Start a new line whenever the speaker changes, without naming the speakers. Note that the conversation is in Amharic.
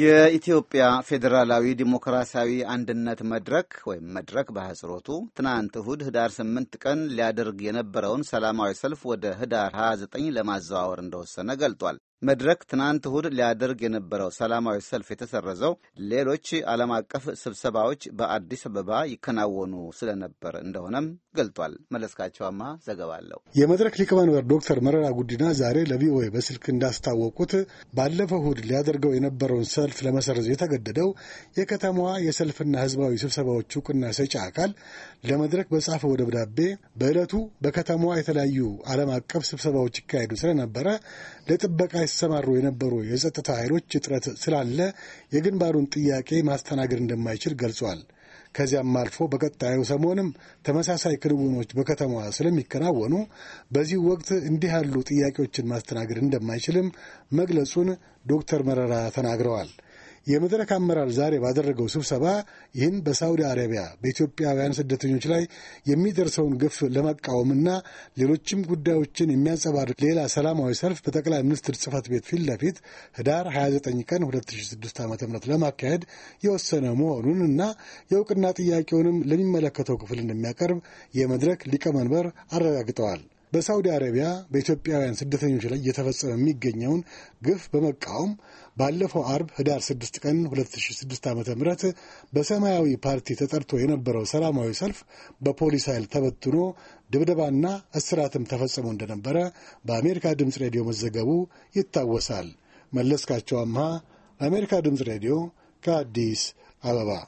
የኢትዮጵያ ፌዴራላዊ ዲሞክራሲያዊ አንድነት መድረክ ወይም መድረክ በአህጽሮቱ ትናንት እሁድ ህዳር 8 ቀን ሊያደርግ የነበረውን ሰላማዊ ሰልፍ ወደ ህዳር 29 ለማዘዋወር እንደወሰነ ገልጧል። መድረክ ትናንት እሁድ ሊያደርግ የነበረው ሰላማዊ ሰልፍ የተሰረዘው ሌሎች ዓለም አቀፍ ስብሰባዎች በአዲስ አበባ ይከናወኑ ስለነበር እንደሆነም ገልጧል። መለስካቸዋማ ዘገባ አለው።
የመድረክ ሊቀመንበር ዶክተር መረራ ጉዲና ዛሬ ለቪኦኤ በስልክ እንዳስታወቁት ባለፈው እሁድ ሊያደርገው የነበረውን ሰልፍ ለመሰረዝ የተገደደው የከተማዋ የሰልፍና ህዝባዊ ስብሰባዎች እውቅና ሰጪ አካል ለመድረክ በጻፈው ደብዳቤ በዕለቱ በከተማዋ የተለያዩ ዓለም አቀፍ ስብሰባዎች ይካሄዱ ስለነበረ ለጥበቃ ያሰማሩ የነበሩ የጸጥታ ኃይሎች እጥረት ስላለ የግንባሩን ጥያቄ ማስተናገድ እንደማይችል ገልጿል። ከዚያም አልፎ በቀጣዩ ሰሞንም ተመሳሳይ ክንውኖች በከተማዋ ስለሚከናወኑ በዚህ ወቅት እንዲህ ያሉ ጥያቄዎችን ማስተናገድ እንደማይችልም መግለጹን ዶክተር መረራ ተናግረዋል። የመድረክ አመራር ዛሬ ባደረገው ስብሰባ ይህን በሳውዲ አረቢያ በኢትዮጵያውያን ስደተኞች ላይ የሚደርሰውን ግፍ ለመቃወምና ሌሎችም ጉዳዮችን የሚያንጸባርቅ ሌላ ሰላማዊ ሰልፍ በጠቅላይ ሚኒስትር ጽህፈት ቤት ፊት ለፊት ህዳር 29 ቀን 2006 ዓ ም ለማካሄድ የወሰነ መሆኑን እና የእውቅና ጥያቄውንም ለሚመለከተው ክፍል እንደሚያቀርብ የመድረክ ሊቀመንበር አረጋግጠዋል። በሳውዲ አረቢያ በኢትዮጵያውያን ስደተኞች ላይ እየተፈጸመ የሚገኘውን ግፍ በመቃወም ባለፈው አርብ ህዳር 6 ቀን 2006 ዓ ም በሰማያዊ ፓርቲ ተጠርቶ የነበረው ሰላማዊ ሰልፍ በፖሊስ ኃይል ተበትኖ ድብደባና እስራትም ተፈጽሞ እንደነበረ በአሜሪካ ድምፅ ሬዲዮ መዘገቡ ይታወሳል። መለስካቸው አምሃ አሜሪካ ድምፅ ሬዲዮ ከአዲስ አበባ